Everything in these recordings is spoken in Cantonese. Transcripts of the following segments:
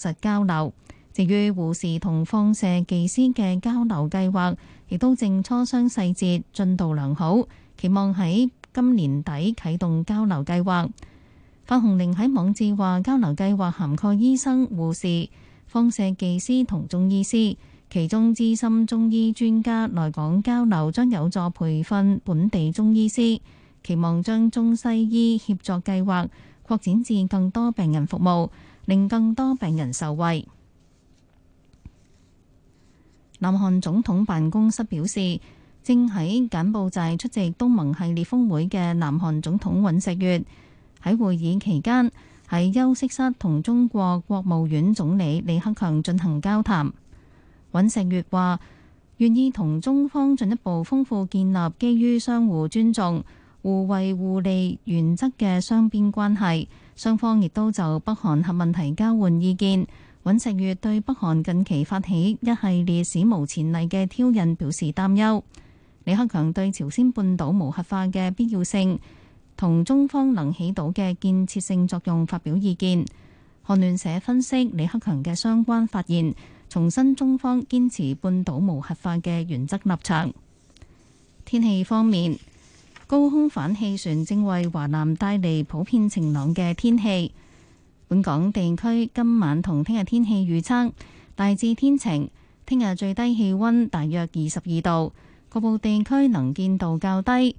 實交流。至於護士同放射技師嘅交流計劃，亦都正磋商細節，進度良好，期望喺今年底啟動交流計劃。范鴻齡喺網誌話，交流計劃涵蓋醫生、護士、放射技師同中醫師，其中資深中醫專家來港交流將有助培訓本地中醫師，期望將中西醫協作計劃擴展至更多病人服務。令更多病人受惠。南韓總統辦公室表示，正喺柬埔寨出席東盟系列峰會嘅南韓總統尹錫悅，喺會議期間喺休息室同中國國務院總理李克強進行交談。尹錫悅話願意同中方進一步豐富建立基於相互尊重、互惠互利原則嘅雙邊關係。雙方亦都就北韓核問題交換意見。尹錫悅對北韓近期發起一系列史無前例嘅挑釁表示擔憂。李克強對朝鮮半島無核化嘅必要性同中方能起到嘅建設性作用發表意見。韓聯社分析李克強嘅相關發言，重申中方堅持半島無核化嘅原則立場。天氣方面。高空反氣旋正為華南帶嚟普遍晴朗嘅天氣。本港地區今晚同聽日天氣預測大致天晴，聽日最低氣溫大約二十二度。局部地區能見度較低，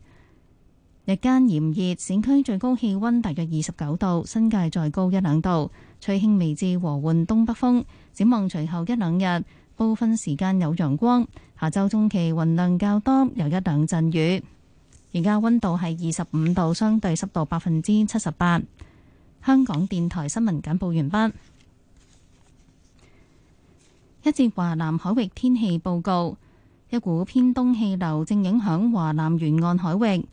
日間炎熱，市區最高氣溫大約二十九度，新界再高一兩度。吹輕微至和緩東北風。展望隨後一兩日，部分時間有陽光。下週中期雲量較多，有一兩陣雨。而家溫度係二十五度，相對濕度百分之七十八。香港電台新聞簡報完畢。一節華南海域天氣報告：一股偏東氣流正影響華南沿岸海域。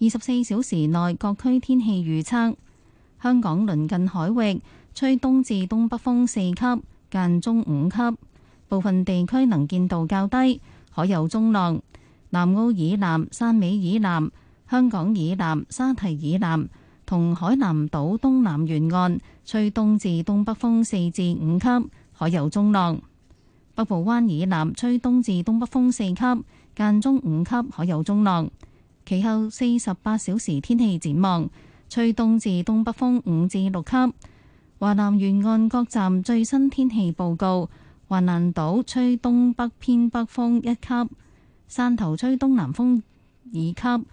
二十四小時內各區天氣預測：香港鄰近海域吹東至東北風四級，間中五級，部分地區能見度較低，海有中浪。南澳以南、汕尾以南、香港以南、沙堤以南同海南島東南沿岸吹東至東北風四至五級，海有中浪。北部灣以南吹東至東北風四級，間中五級，海有中浪。其後四十八小時天氣展望，吹東至東北風五至六級。華南沿岸各站最新天氣報告，海南島吹東北偏北風一級。汕頭吹東南風二級，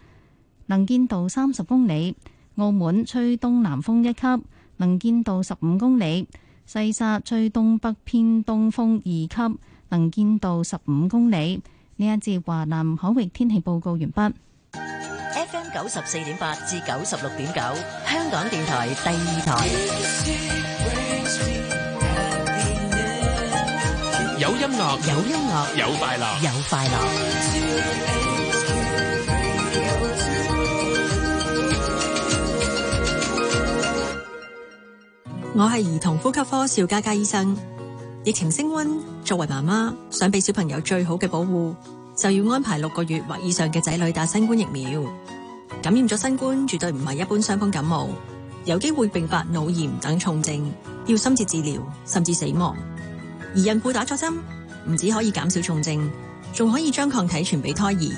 能見度三十公里；澳門吹東南風一級，能見度十五公里；西沙吹東北偏東風二級，能見度十五公里。呢一節華南海域天氣報告完畢。FM 九十四點八至九十六點九，9，香港電台第二台。有音樂，有快樂，有音樂，有快樂，有快樂。我係兒童呼吸科邵嘉嘉醫生。疫情升温，作為媽媽，想俾小朋友最好嘅保護，就要安排六個月或以上嘅仔女打新冠疫苗。感染咗新冠，絕對唔係一般傷風感冒，有機會併發腦炎等重症，要深切治療，甚至死亡。而孕婦打咗針，唔只可以減少重症，仲可以將抗體傳俾胎兒。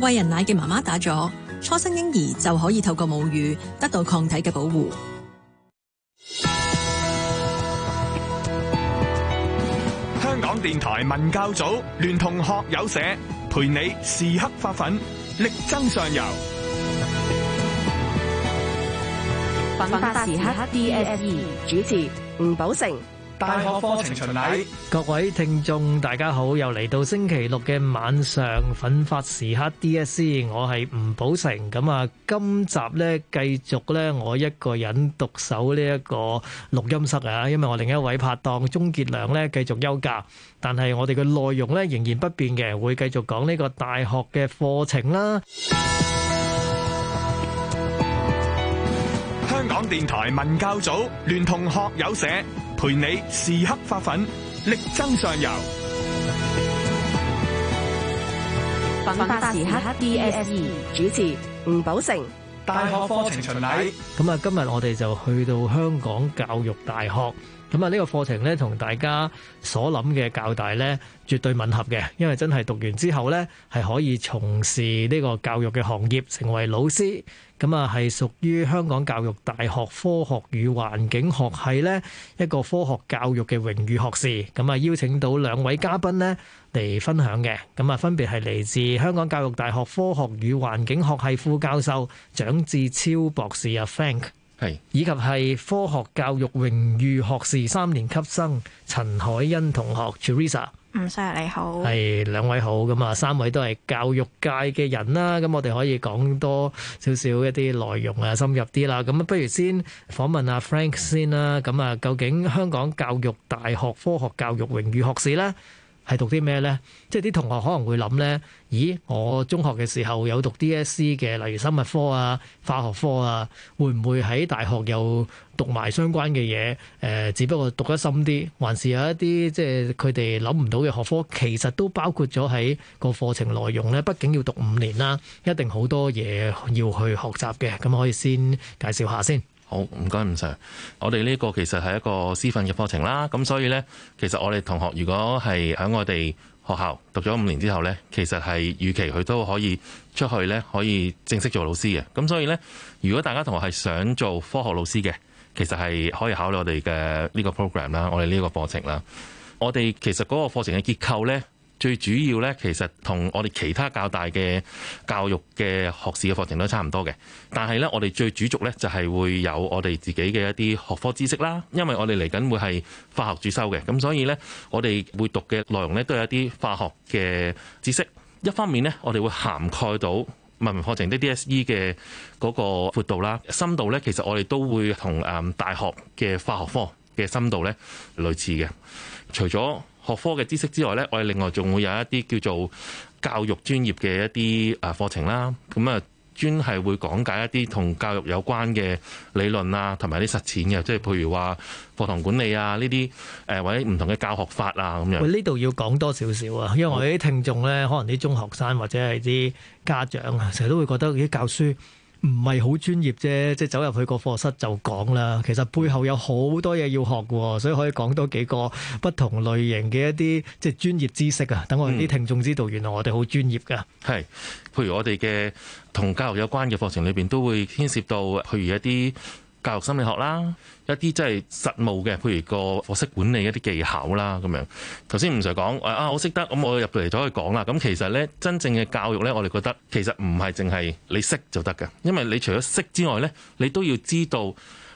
喂人奶嘅媽媽打咗，初生嬰兒就可以透過母乳得到抗體嘅保護。香港電台文教組聯同學友社陪你時刻發奮，力爭上游。奮發時刻 DSE 主持吳寶成。大學課程巡禮，各位聽眾大家好，又嚟到星期六嘅晚上，奮發時刻 DSC，我係吳寶成，咁啊今集咧，繼續咧我一個人獨守呢一個錄音室啊，因為我另一位拍檔鍾杰良咧繼續休假，但係我哋嘅內容咧仍然不變嘅，會繼續講呢個大學嘅課程啦。香港電台文教組聯同學友社。陪你時刻發奮，力爭上游。奮發時刻 DSE 主持吳寶成，大學課程巡禮。咁啊，今日我哋就去到香港教育大學。咁啊，呢個課程咧，同大家所諗嘅教大咧，絕對吻合嘅。因為真係讀完之後咧，係可以從事呢個教育嘅行業，成為老師。咁啊，係屬於香港教育大學科學與環境學系咧一個科學教育嘅榮譽學士。咁啊，邀請到兩位嘉賓咧嚟分享嘅。咁啊，分別係嚟自香港教育大學科學與環境學系副教授蔣志超博士啊，Frank。係，以及係科學教育榮譽學士三年級生陳愷茵同學 Teresa。吳生你好，係兩位好。咁啊三位都係教育界嘅人啦，咁我哋可以講多少少一啲內容啊，深入啲啦，咁不如先訪問下 Frank 先啦。咁啊究竟香港教育大學科學教育榮譽學士呢？係讀啲咩呢？即係啲同學可能會諗呢：咦，我中學嘅時候有讀 DSE 嘅，例如生物科啊、化學科啊，會唔會喺大學又讀埋相關嘅嘢？誒、呃，只不過讀得深啲，還是有一啲即係佢哋諗唔到嘅學科，其實都包括咗喺個課程內容呢。畢竟要讀五年啦，一定好多嘢要去學習嘅。咁可以先介紹下先。好唔該唔 Sir，我哋呢個其實係一個師訓嘅課程啦，咁所以呢，其實我哋同學如果係喺我哋學校讀咗五年之後呢，其實係預期佢都可以出去呢，可以正式做老師嘅，咁所以呢，如果大家同學係想做科學老師嘅，其實係可以考慮我哋嘅呢個 program 啦，我哋呢個課程啦，我哋其實嗰個課程嘅結構呢。最主要呢，其實同我哋其他較大嘅教育嘅學士嘅課程都差唔多嘅。但係呢，我哋最主軸呢，就係、是、會有我哋自己嘅一啲學科知識啦。因為我哋嚟緊會係化學主修嘅，咁所以呢，我哋會讀嘅內容呢，都有一啲化學嘅知識。一方面呢，我哋會涵蓋到文憑課程啲 DSE 嘅嗰個闊度啦、深度呢，其實我哋都會同大學嘅化學科嘅深度呢類似嘅。除咗學科嘅知識之外呢，我哋另外仲會有一啲叫做教育專業嘅一啲啊課程啦。咁啊，專係會講解一啲同教育有關嘅理論啊，同埋啲實踐嘅，即係譬如話課堂管理啊呢啲誒或者唔同嘅教學法啊咁樣。呢度要講多少少啊？因為我哋啲聽眾呢，好可能啲中學生或者係啲家長啊，成日都會覺得啲教書，唔係好專業啫，即係走入去個課室就講啦。其實背後有好多嘢要學喎，所以可以講多幾個不同類型嘅一啲即係專業知識啊。等我哋啲聽眾知道，原來我哋好專業㗎。係，譬如我哋嘅同教育有關嘅課程裏邊，都會牽涉到譬如一啲教育心理學啦。一啲即係實務嘅，譬如個課室管理一啲技巧啦，咁樣。頭先吳 Sir 講啊，我識得，咁我入嚟再去講啦。咁其實呢，真正嘅教育呢，我哋覺得其實唔係淨係你識就得嘅，因為你除咗識之外呢，你都要知道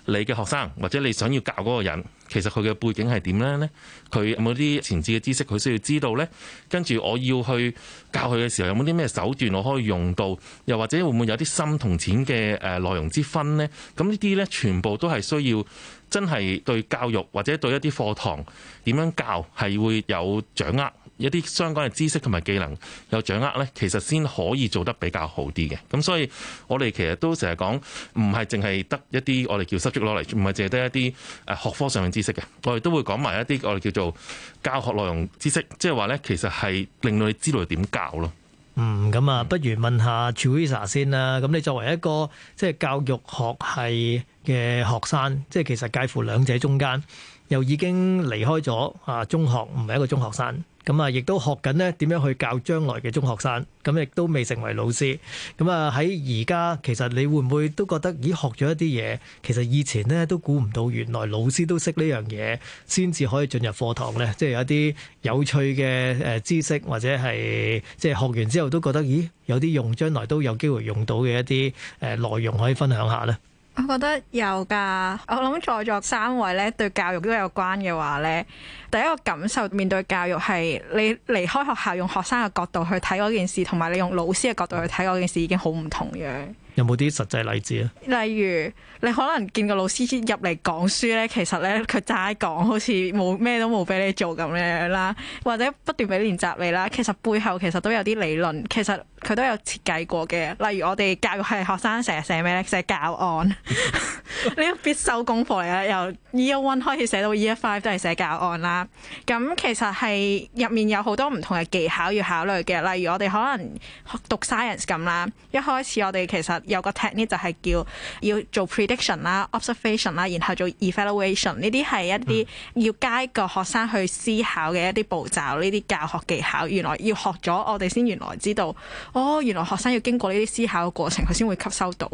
你嘅學生或者你想要教嗰個人。其實佢嘅背景係點呢？呢佢有冇啲前置嘅知識，佢需要知道呢？跟住我要去教佢嘅時候，有冇啲咩手段我可以用到？又或者會唔會有啲深同淺嘅誒內容之分呢？咁呢啲呢，全部都係需要真係對教育，或者對一啲課堂點樣教，係會有掌握。一啲相關嘅知識同埋技能有掌握咧，其實先可以做得比較好啲嘅。咁所以我哋其實都成日講，唔係淨係得一啲我哋叫 subject knowledge，唔係淨係得一啲誒學科上面知識嘅。我哋都會講埋一啲我哋叫做教學內容知識，即係話咧，其實係令到你知道點教咯。嗯，咁啊，不如問，問下 Trisha 先啦。咁你作為一個即係教育學係嘅學生，即係其實介乎兩者中間，又已經離開咗啊中學，唔係一個中學生，咁啊，亦都學緊呢點樣去教將來嘅中學生，咁、啊、亦都未成為老師。咁啊喺而家，其實你會唔會都覺得咦學咗一啲嘢，其實以前呢，都估唔到，原來老師都識呢樣嘢，先至可以進入課堂呢。即係有一啲有趣嘅誒、呃、知識，或者係即係學完之後都覺得咦有啲用，將來都有機會用到嘅一啲誒、呃、內容可以分享下呢。我覺得有㗎，我諗在座三位咧對教育都有關嘅話咧，第一個感受面對教育係你離開學校用學生嘅角度去睇嗰件事，同埋你用老師嘅角度去睇嗰件事已經好唔同樣。有冇啲實際例子啊？例如你可能見個老師入嚟講書咧，其實咧佢齋講，好似冇咩都冇俾你做咁樣樣啦，或者不斷俾練習你啦。其實背後其實都有啲理論，其實佢都有設計過嘅。例如我哋教育系學生成日寫咩咧？寫教案呢個 必修功課嚟嘅，由 Year One 開始寫到 Year Five 都係寫教案啦。咁其實係入面有好多唔同嘅技巧要考慮嘅。例如我哋可能讀 science 咁啦，一開始我哋其實有個 technique 就係叫要做 prediction 啦、observation 啦，然後做 evaluation。呢啲係一啲要教個學生去思考嘅一啲步驟，呢啲教學技巧。原來要學咗，我哋先原來知道，哦，原來學生要經過呢啲思考嘅過程，佢先會吸收到。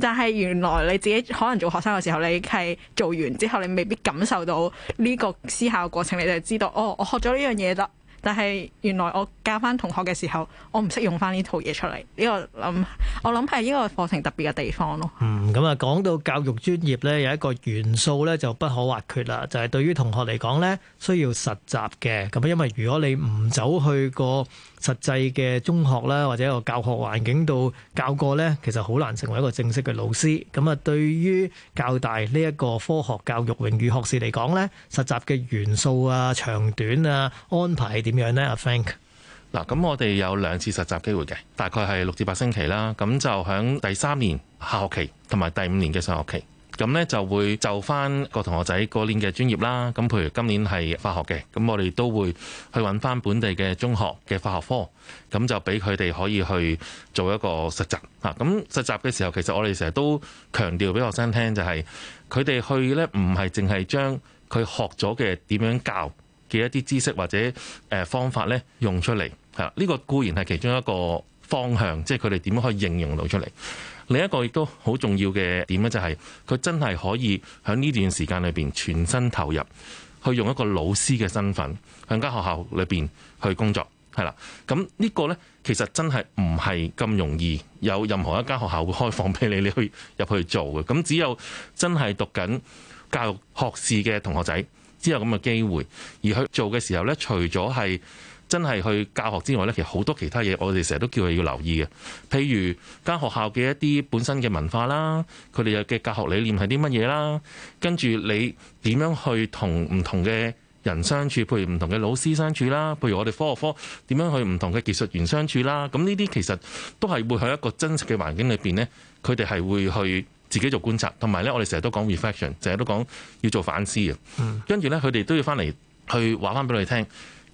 但係原來你自己可能做學生嘅時候，你係做完之後，你未必感受到呢個思考嘅過程，你就知道，哦，我學咗呢樣嘢啦。但係原來我教翻同學嘅時候，我唔識用翻呢套嘢出嚟。呢、這個諗，我諗係呢個課程特別嘅地方咯。嗯，咁啊，講、嗯、到教育專業咧，有一個元素咧就不可或缺啦，就係、是、對於同學嚟講咧需要實習嘅。咁因為如果你唔走去個實際嘅中學啦，或者一個教學環境度教過咧，其實好難成為一個正式嘅老師。咁啊，對於教大呢一、這個科學教育榮譽學士嚟講咧，實習嘅元素啊、長短啊、安排係點？點樣嗱，咁我哋有兩次實習機會嘅，大概係六至八星期啦。咁就喺第三年下學期同埋第五年嘅上學期，咁呢就會就翻個同學仔過年嘅專業啦。咁譬如今年係化學嘅，咁我哋都會去揾翻本地嘅中學嘅化學科，咁就俾佢哋可以去做一個實習啊。咁實習嘅時候，其實我哋成日都強調俾學生聽、就是，就係佢哋去呢唔係淨係將佢學咗嘅點樣教。嘅一啲知識或者誒方法呢，用出嚟嚇，呢個固然係其中一個方向，即係佢哋點樣可以應用到出嚟。另一個亦都好重要嘅點呢，就係佢真係可以喺呢段時間裏邊全身投入，去用一個老師嘅身份喺間學校裏邊去工作，係啦。咁呢個呢，其實真係唔係咁容易，有任何一間學校會開放俾你，你去入去做嘅。咁只有真係讀緊教育學士嘅同學仔。只有咁嘅機會，而去做嘅時候呢，除咗係真係去教學之外呢，其實好多其他嘢，我哋成日都叫佢要留意嘅。譬如間學校嘅一啲本身嘅文化啦，佢哋有嘅教學理念係啲乜嘢啦，跟住你點樣去同唔同嘅人相處，譬如唔同嘅老師相處啦，譬如我哋科學科點樣去唔同嘅技術員相處啦，咁呢啲其實都係會喺一個真實嘅環境裏邊呢，佢哋係會去自己做觀察，同埋咧，我哋成日都講 reflection，成日都講要做反思嘅。跟住咧，佢哋都要翻嚟去話翻俾佢哋聽，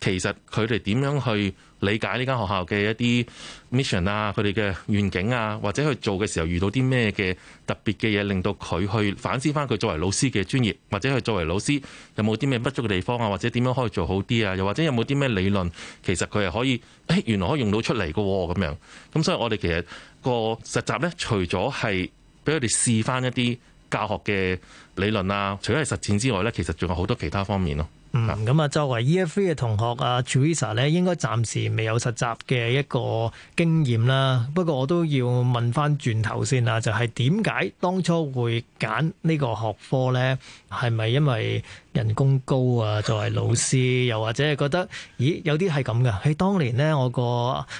其實佢哋點樣去理解呢間學校嘅一啲 mission 啊，佢哋嘅願景啊，或者去做嘅時候遇到啲咩嘅特別嘅嘢，令到佢去反思翻佢作為老師嘅專業，或者佢作為老師有冇啲咩不足嘅地方啊，或者點樣可以做好啲啊，又或者有冇啲咩理論，其實佢係可以，誒、哎、原來可以用到出嚟嘅咁樣。咁所以我哋其實個實習咧，除咗係。俾佢哋試翻一啲教學嘅理論啊，除咗係實踐之外咧，其實仲有好多其他方面咯。嗯，咁、e、啊，作為 EFA 嘅同學啊 Teresa 咧應該暫時未有實習嘅一個經驗啦。不過我都要問翻轉頭先啊，就係點解當初會揀呢個學科咧？係咪因為人工高啊？作為老師，又或者係覺得，咦，有啲係咁噶？喺當年咧，我個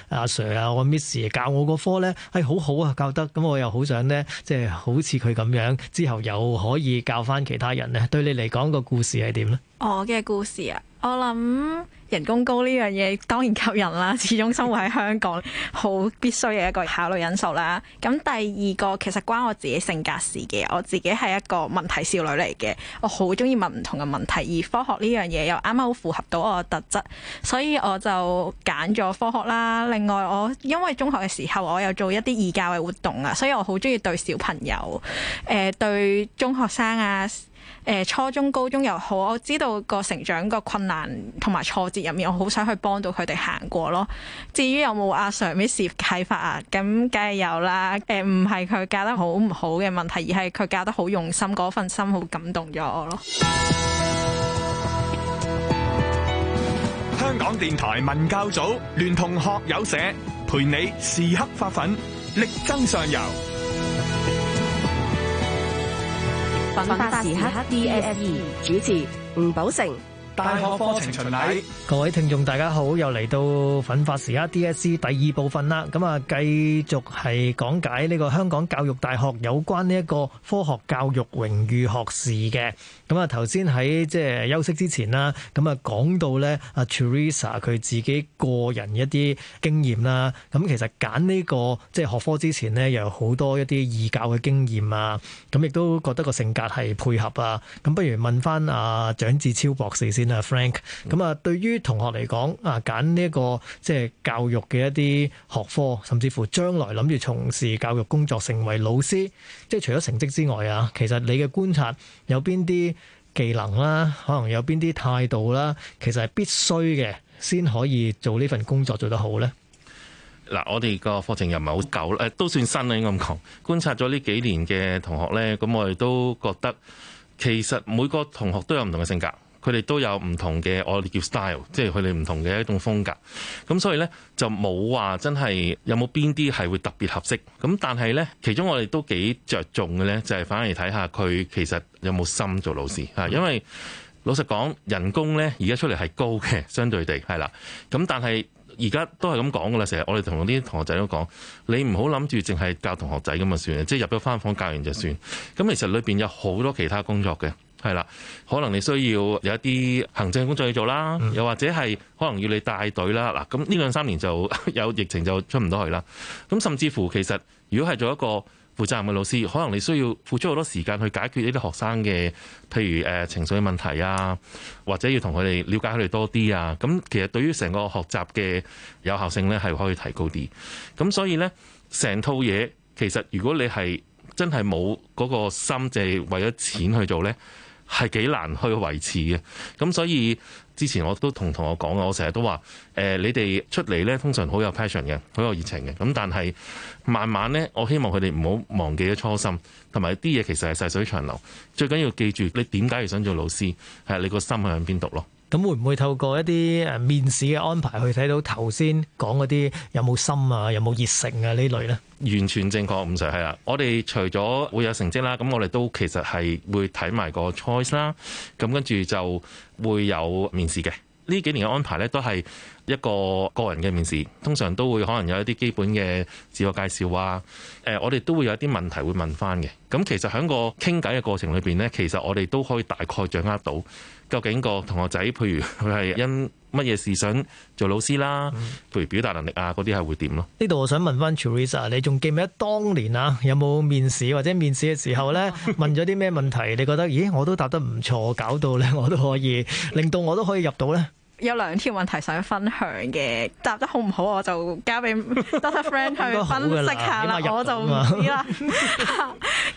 阿 Sir 啊，我 Miss 教我嗰科咧，係、哎、好好啊，教得。咁我又想呢、就是、好想咧，即係好似佢咁樣，之後又可以教翻其他人咧。對你嚟講，個故事係點咧？我嘅故事啊，我諗人工高呢樣嘢當然吸引啦，始終生活喺香港好 必須嘅一個考慮因素啦。咁第二個其實關我自己性格事嘅，我自己係一個問題少女嚟嘅，我好中意問唔同嘅問題，而科學呢樣嘢又啱啱好符合到我嘅特質，所以我就揀咗科學啦。另外我因為中學嘅時候我有做一啲義教嘅活動啊，所以我好中意對小朋友，誒、呃、對中學生啊。初中、高中又好，我知道個成長個困難同埋挫折入面，我好想去幫到佢哋行過咯。至於有冇阿 Sir、阿 Miss 嘅啟發啊？咁梗係有啦。誒，唔係佢教得好唔好嘅問題，而係佢教得好用心，嗰份心好感動咗我咯。香港電台文教組聯同學友社，陪你時刻發奮，力爭上游。奮發時刻 DSE 主持吳寶成。大學課程巡禮，各位聽眾大家好，又嚟到奮發時刻 DSC 第二部分啦。咁啊，繼續係講解呢個香港教育大學有關呢一個科學教育榮譽學士嘅。咁啊，頭先喺即係休息之前啦，咁啊講到咧阿、啊、Teresa 佢自己個人一啲經驗啦。咁其實揀呢、這個即係、就是、學科之前呢，又有好多一啲義教嘅經驗啊。咁亦都覺得個性格係配合啊。咁不如問翻啊，蔣志超博士先。Frank，咁啊，對於同學嚟講啊，揀呢一個即係教育嘅一啲學科，甚至乎將來諗住從事教育工作，成為老師，即係除咗成績之外啊，其實你嘅觀察有邊啲技能啦，可能有邊啲態度啦，其實係必須嘅，先可以做呢份工作做得好咧。嗱，我哋個課程又唔係好舊，誒，都算新啦。咁講觀察咗呢幾年嘅同學咧，咁我哋都覺得，其實每個同學都有唔同嘅性格。佢哋都有唔同嘅，我哋叫 style，即係佢哋唔同嘅一種風格。咁所以呢，就冇話真係有冇邊啲係會特別合適，咁但係呢，其中我哋都幾着重嘅呢，就係反而睇下佢其實有冇心做老師，嚇。因為老實講，人工呢，而家出嚟係高嘅，相對地係啦。咁但係而家都係咁講噶啦，成日我哋同啲同學仔都講，你唔好諗住淨係教同學仔咁啊算，即係入咗翻房教完就算。咁其實裏邊有好多其他工作嘅。係啦，可能你需要有一啲行政工作要做啦，又或者係可能要你帶隊啦。嗱，咁呢兩三年就有疫情就出唔到去啦。咁甚至乎，其實如果係做一個負責任嘅老師，可能你需要付出好多時間去解決呢啲學生嘅，譬如誒、呃、情緒嘅問題啊，或者要同佢哋瞭解佢哋多啲啊。咁其實對於成個學習嘅有效性咧，係可以提高啲。咁所以呢，成套嘢其實如果你係真係冇嗰個心，淨係為咗錢去做呢。係幾難去維持嘅，咁所以之前我都同同學講，我成日都話誒、呃，你哋出嚟呢，通常好有 passion 嘅，好有熱情嘅，咁但係慢慢呢，我希望佢哋唔好忘記咗初心，同埋啲嘢其實係細水長流，最緊要記住你點解要想做老師，係你個心向邊度咯。咁會唔會透過一啲誒面試嘅安排去睇到頭先講嗰啲有冇心啊，有冇熱誠啊呢類呢？完全正確，吳 Sir 係啦。我哋除咗會有成績啦，咁我哋都其實係會睇埋個 choice 啦。咁跟住就會有面試嘅。呢幾年嘅安排呢，都係一個個人嘅面試，通常都會可能有一啲基本嘅自我介紹啊。誒、呃，我哋都會有一啲問題會問翻嘅。咁其實喺個傾偈嘅過程裏邊呢，其實我哋都可以大概掌握到。究竟個同學仔，譬如佢係因乜嘢事想做老師啦，譬如表達能力啊嗰啲係會點咯？呢度我想問翻 t r i s a 你仲記唔記得當年啊，有冇面試或者面試嘅時候咧，問咗啲咩問題？ 你覺得咦，我都答得唔錯，搞到咧我都可以令到我都可以入到咧。有兩條問題想分享嘅，答得好唔好我就交俾 doctor friend 去分析下啦， 我就唔知啦。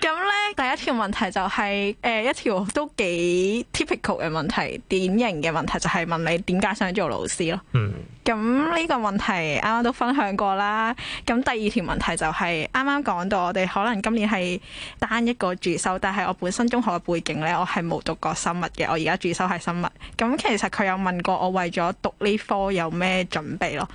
咁咧， 第一條問題就係、是、誒、呃、一條都幾 typical 嘅問題，典型嘅問題就係問你點解想做老師咯。嗯咁呢個問題啱啱都分享過啦。咁第二條問題就係啱啱講到，我哋可能今年係單一個主修，但係我本身中學嘅背景呢，我係冇讀過生物嘅。我而家主修係生物。咁其實佢有問過我為咗讀呢科有咩準備咯。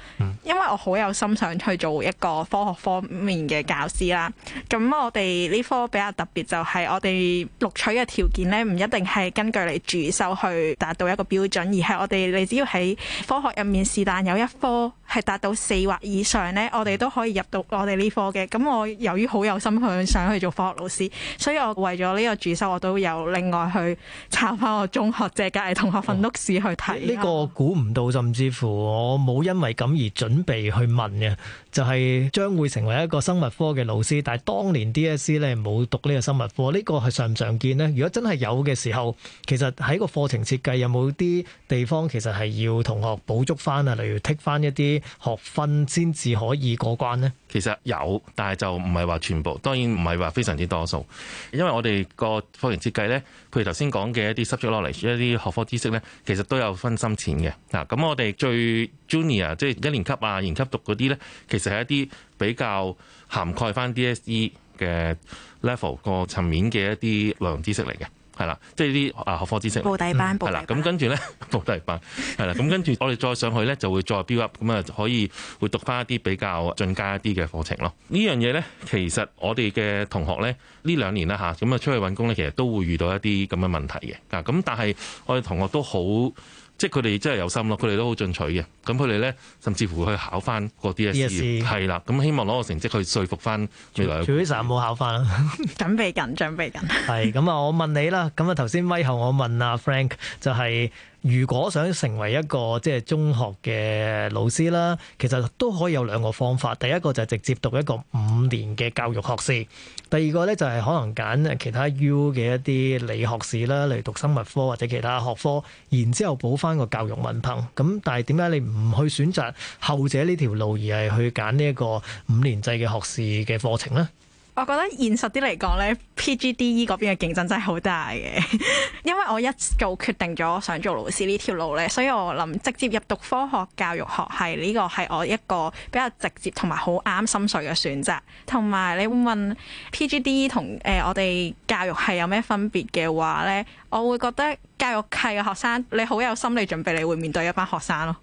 因為我好有心想去做一個科學方面嘅教師啦。咁我哋呢科比較特別就係我哋錄取嘅條件呢，唔一定係根據你主修去達到一個標準，而係我哋你只要喺科學入面是但。但有一科係達到四或以上咧，我哋都可以入讀我哋呢科嘅。咁我由於好有心去想去做科學老師，所以我為咗呢個主修，我都有另外去抄翻我中學借隔籬同學份屋士去睇。呢個估唔到，甚至乎我冇因為咁而準備去問嘅，就係將會成為一個生物科嘅老師。但係當年 DSE 咧冇讀呢個生物科，呢個係常唔常見咧。如果真係有嘅時候，其實喺個課程設計有冇啲地方其實係要同學補足翻啊？例如要剔翻一啲學分先至可以過關呢？其實有，但係就唔係話全部，當然唔係話非常之多數。因為我哋個課程設計呢，譬如頭先講嘅一啲 subject knowledge 一啲學科知識呢，其實都有分深淺嘅。嗱、啊，咁我哋最 junior 即係一年級啊、年級讀嗰啲呢，其實係一啲比較涵蓋翻 DSE 嘅 level 個層面嘅一啲內容知識嚟嘅。係啦，即係啲啊學科知識。補底班，係啦的，咁跟住咧補底班，係啦，咁跟住我哋再上去咧就會再 build up，咁啊可以會讀翻一啲比較進階一啲嘅課程咯。呢樣嘢咧，其實我哋嘅同學咧呢兩年啦吓，咁啊出去揾工咧，其實都會遇到一啲咁嘅問題嘅，嗱、啊，咁但係我哋同學都好。即係佢哋真係有心咯，佢哋都好進取嘅。咁佢哋咧，甚至乎去考翻嗰啲嘅事業。係啦是，咁希望攞個成績去說服翻未來。除非神冇考翻啦。準備緊，準備緊。係咁啊！我問你啦。咁啊，頭先威後我問阿、啊、Frank 就係、是。如果想成為一個即係中學嘅老師啦，其實都可以有兩個方法。第一個就係直接讀一個五年嘅教育學士，第二個咧就係可能揀其他 U 嘅一啲理學士啦，嚟讀生物科或者其他學科，然之後補翻個教育文憑。咁，但係點解你唔去選擇後者呢條路，而係去揀呢一個五年制嘅學士嘅課程呢？我覺得現實啲嚟講咧，P.G.D.E. 嗰邊嘅競爭真係好大嘅， 因為我一早決定咗想做老師呢條路咧，所以我諗直接入讀科學教育學系呢個係我一個比較直接同埋好啱心水嘅選擇。同埋你會問 P.G.D.E. 同誒、呃、我哋教育係有咩分別嘅話咧，我會覺得教育系嘅學生你好有心理準備，你會面對一班學生咯。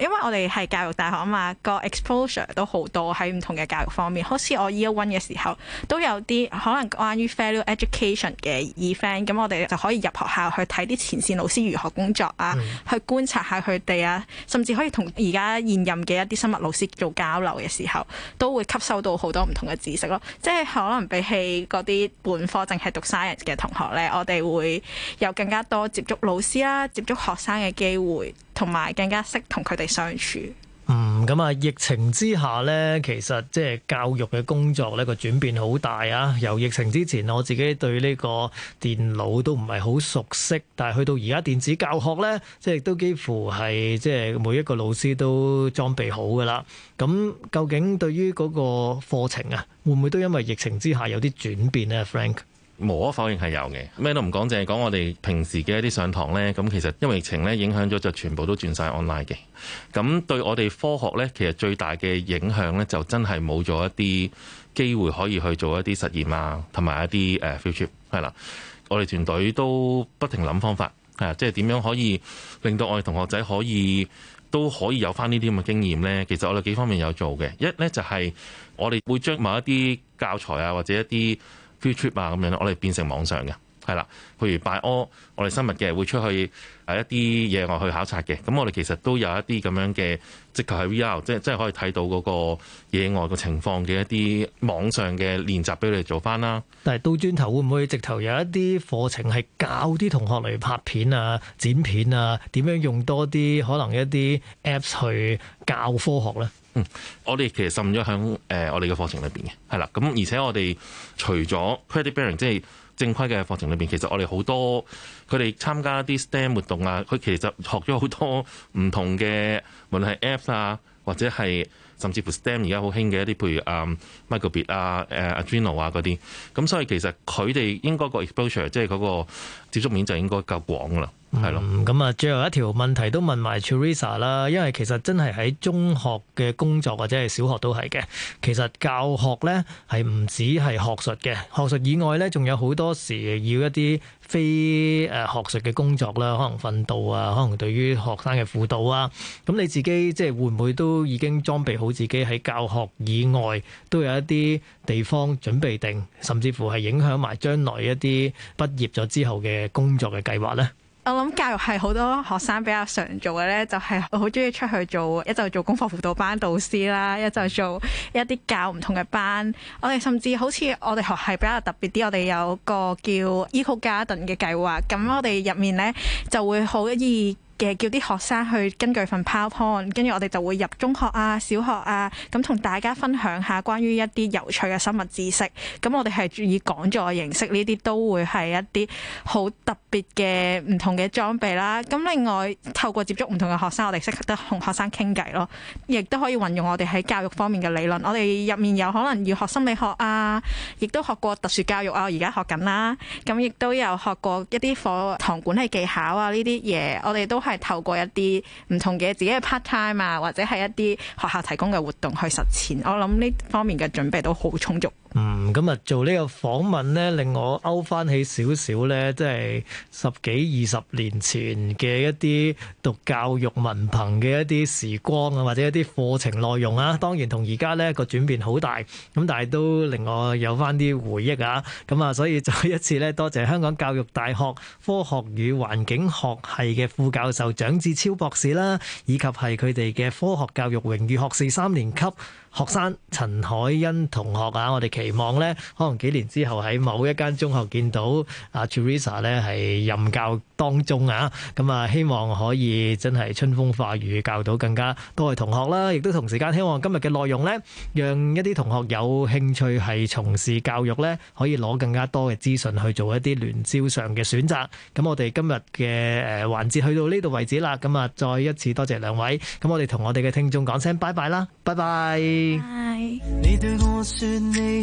因為我哋係教育大學啊嘛，個 exposure 都好多喺唔同嘅教育方面。好似我 year one 嘅時候，都有啲可能關於 value education 嘅 event。咁我哋就可以入學校去睇啲前線老師如何工作啊，嗯、去觀察下佢哋啊，甚至可以同而家現任嘅一啲生物老師做交流嘅時候，都會吸收到好多唔同嘅知識咯。即係可能比起嗰啲本科淨係讀 science 嘅同學咧，我哋會有更加多接觸老師啦、啊、接觸學生嘅機會。同埋更加識同佢哋相處。嗯，咁啊，疫情之下咧，其實即係教育嘅工作咧個轉變好大啊！由疫情之前，我自己對呢個電腦都唔係好熟悉，但係去到而家電子教學咧，即係都幾乎係即係每一個老師都裝備好㗎喇。咁究竟對於嗰個課程啊，會唔會都因為疫情之下有啲轉變咧，Frank？無可否認係有嘅，咩都唔講，淨係講我哋平時嘅一啲上堂呢。咁其實因為疫情咧，影響咗就全部都轉晒 online 嘅。咁對我哋科學呢，其實最大嘅影響呢，就真係冇咗一啲機會可以去做一啲實驗啊，同埋一啲誒 field trip。係啦，我哋團隊都不停諗方法，係即係點樣可以令到我哋同學仔可以都可以有返呢啲咁嘅經驗呢？其實我哋幾方面有做嘅，一呢，就係、是、我哋會將某一啲教材啊，或者一啲 trip 啊，咁樣我哋變成網上嘅，係啦。譬如拜柯，我哋生物嘅會出去係一啲野外去考察嘅。咁我哋其實都有一啲咁樣嘅，即係喺 VR，即係即係可以睇到嗰個野外嘅情況嘅一啲網上嘅練習俾你做翻啦。但係到轉頭會唔會直頭有一啲課程係教啲同學嚟拍片啊、剪片啊，點樣用多啲可能一啲 Apps 去教科學咧？嗯，我哋其實滲咗喺誒我哋嘅課程裏邊嘅，係啦，咁而且我哋除咗 credit bearing 即係正規嘅課程裏邊，其實我哋好多。佢哋參加一啲 STEM 活動啊，佢其實學咗好多唔同嘅，無論係 Apps 啊，或者係甚至乎 STEM 而家好興嘅一啲，譬如啊 micro:bit 啊、誒 Arduino 啊嗰啲。咁所以其實佢哋應該個 exposure，即係嗰個接觸面就應該夠廣噶啦，係咯。咁啊，最後一條問題都問埋 Teresa 啦，因為其實真係喺中學嘅工作或者係小學都係嘅。其實教學咧係唔止係學術嘅，學術以外咧仲有好多時要一啲。非誒學術嘅工作啦，可能訓導啊，可能對於學生嘅輔導啊，咁你自己即係會唔會都已經裝備好自己喺教學以外都有一啲地方準備定，甚至乎係影響埋將來一啲畢業咗之後嘅工作嘅計劃呢？我諗教育係好多學生比較常做嘅咧，就係好鍾意出去做，一就做功課輔導班導師啦，一就做一啲教唔同嘅班。我哋甚至好似我哋學系比較特別啲，我哋有個叫 Eco Garden 嘅計劃，咁我哋入面咧就會好易。嘅叫啲學生去根據份 powerpoint，跟住我哋就會入中學啊、小學啊，咁同大家分享下關於一啲有趣嘅生物知識。咁我哋係以講座形式，呢啲都會係一啲好特別嘅唔同嘅裝備啦。咁另外透過接觸唔同嘅學生，我哋識得同學生傾偈咯，亦都可以運用我哋喺教育方面嘅理論。我哋入面有可能要學心理學啊，亦都學過特殊教育啊，而家學緊啦。咁亦都有學過一啲課堂管理技巧啊，呢啲嘢我哋都係。係透過一啲唔同嘅自己嘅 part time 啊，或者係一啲學校提供嘅活動去實踐。我諗呢方面嘅準備都好充足。嗯，咁啊做呢個訪問咧，令我勾翻起少少咧，即係十幾二十年前嘅一啲讀教育文憑嘅一啲時光啊，或者一啲課程內容啊，當然同而家咧個轉變好大，咁但係都令我有翻啲回憶啊。咁啊，所以再一次咧，多謝香港教育大學科學與環境學系嘅副教授蔣志超博士啦，以及係佢哋嘅科學教育榮譽學士三年級學生陳愷茵同學啊，我哋。期望呢，可能幾年之後喺某一間中學見到阿 Teresa 呢係任教當中啊！咁啊，希望可以真係春風化雨，教到更加多嘅同學啦。亦都同時間希望今日嘅內容呢，讓一啲同學有興趣係從事教育呢，可以攞更加多嘅資訊去做一啲聯招上嘅選擇。咁我哋今日嘅誒環節去到呢度為止啦。咁啊，再一次多謝兩位。咁我哋同我哋嘅聽眾講聲拜拜啦，拜拜。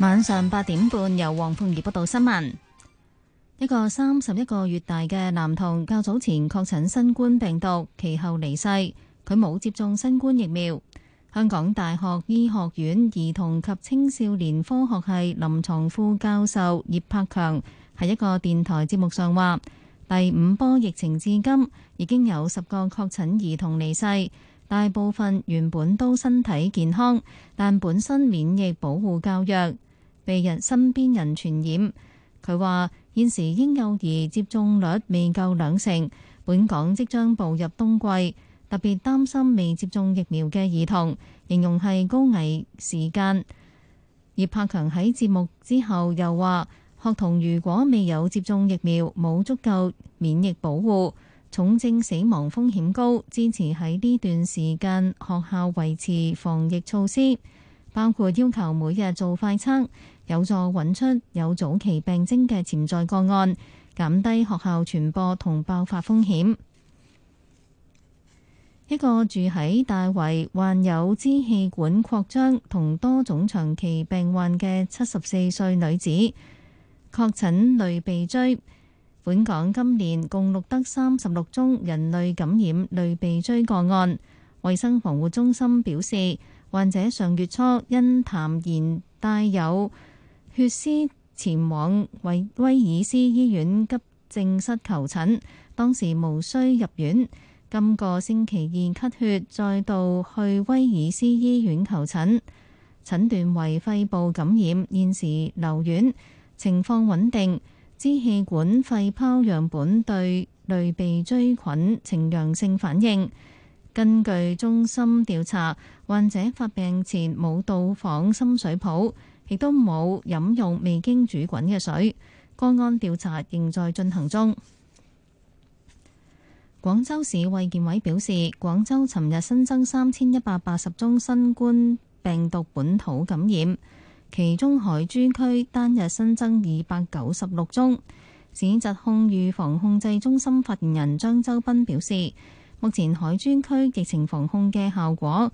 晚上八點半，由黃鳳兒報道新聞。一個三十一個月大嘅男童較早前確診新冠病毒，其後離世。佢冇接種新冠疫苗。香港大學醫學院兒童及青少年科學系臨牀副教授葉柏強喺一個電台節目上話：第五波疫情至今已經有十個確診兒童離世，大部分原本都身體健康，但本身免疫保護較弱。被人身邊人傳染，佢話現時嬰幼兒接種率未夠兩成，本港即將步入冬季，特別擔心未接種疫苗嘅兒童，形容係高危時間。葉柏強喺節目之後又話，學童如果未有接種疫苗，冇足夠免疫保護，重症死亡風險高，支持喺呢段時間學校維持防疫措施，包括要求每日做快測，有助揾出有早期病徵嘅潛在個案，減低學校傳播同爆發風險。一個住喺大圍、患有支氣管擴張同多種長期病患嘅七十四歲女子確診類鼻疽。本港今年共錄得三十六宗人類感染類鼻疽個案。衛生防護中心表示，患者上月初因痰言帶有血絲前往威威爾斯醫院急症室求診，當時無需入院。今個星期二咳血，再度去威爾斯醫院求診，診斷為肺部感染，現時留院，情況穩定。支氣管肺泡樣本對類鼻疽菌呈陽性反應。根據中心調查，患者發病前冇到訪深水埗。亦都冇飲用未經煮滾嘅水。個案調查仍在進行中。廣州市衛健委表示，廣州尋日新增三千一百八十宗新冠病毒本土感染，其中海珠區單日新增二百九十六宗。市疾控預防控制中心發言人張周斌表示，目前海珠區疫情防控嘅效果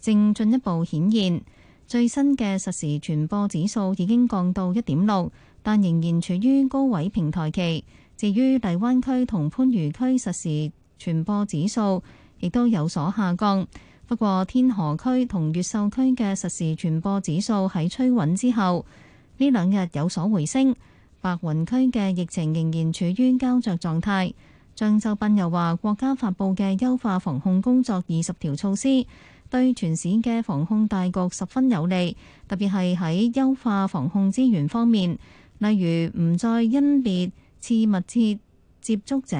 正進一步顯現。最新嘅實時傳播指數已經降到一點六，但仍然處於高位平台期。至於荔灣區同番禺區實時傳播指數，亦都有所下降。不過天河區同越秀區嘅實時傳播指數喺趨穩之後，呢兩日有所回升。白雲區嘅疫情仍然處於膠着狀態。張秀斌又話：國家發佈嘅優化防控工作二十條措施，對全市嘅防控大局十分有利，特別係喺優化防控資源方面，例如唔再甄別次密切接觸者、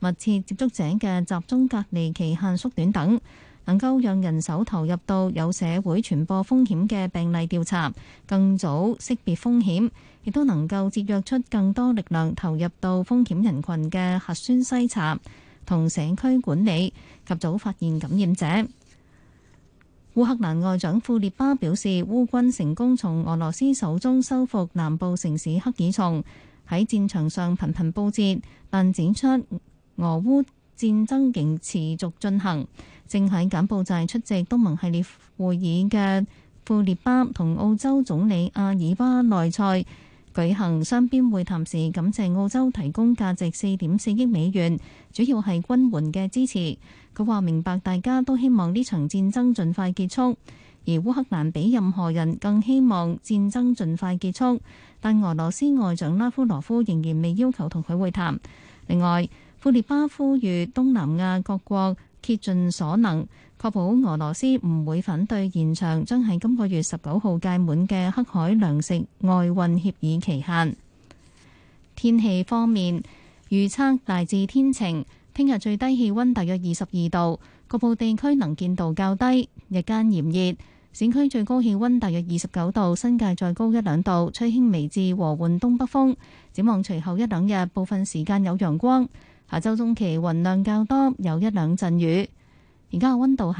密切接觸者嘅集中隔離期限縮短等，能夠讓人手投入到有社會傳播風險嘅病例調查，更早識別風險，亦都能夠節約出更多力量投入到風險人群嘅核酸篩查同社區管理，及早發現感染者。烏克蘭外長庫列巴表示，烏軍成功從俄羅斯手中收復南部城市克爾松，喺戰場上頻頻報捷，但指出俄烏戰爭仍持續進行。正喺柬埔寨出席東盟系列會議嘅庫列巴同澳洲總理阿爾巴內塞。舉行三邊會談時，感謝澳洲提供價值四點四億美元，主要係軍援嘅支持。佢話明白大家都希望呢場戰爭盡快結束，而烏克蘭比任何人更希望戰爭盡快結束。但俄羅斯外長拉夫羅夫仍然未要求同佢會談。另外，庫列巴呼籲東南亞各國竭盡所能。確保俄羅斯唔會反對延長，將係今個月十九號屆滿嘅黑海糧食外運協議期限。天氣方面預測大致天晴，聽日最低氣温大約二十二度，局部地區能見度較低，日間炎熱，市區最高氣温大約二十九度，新界再高一兩度，吹輕微至和緩東北風。展望隨後一兩日，部分時間有陽光，下周中期雲量較多，有一兩陣雨。而家嘅温度。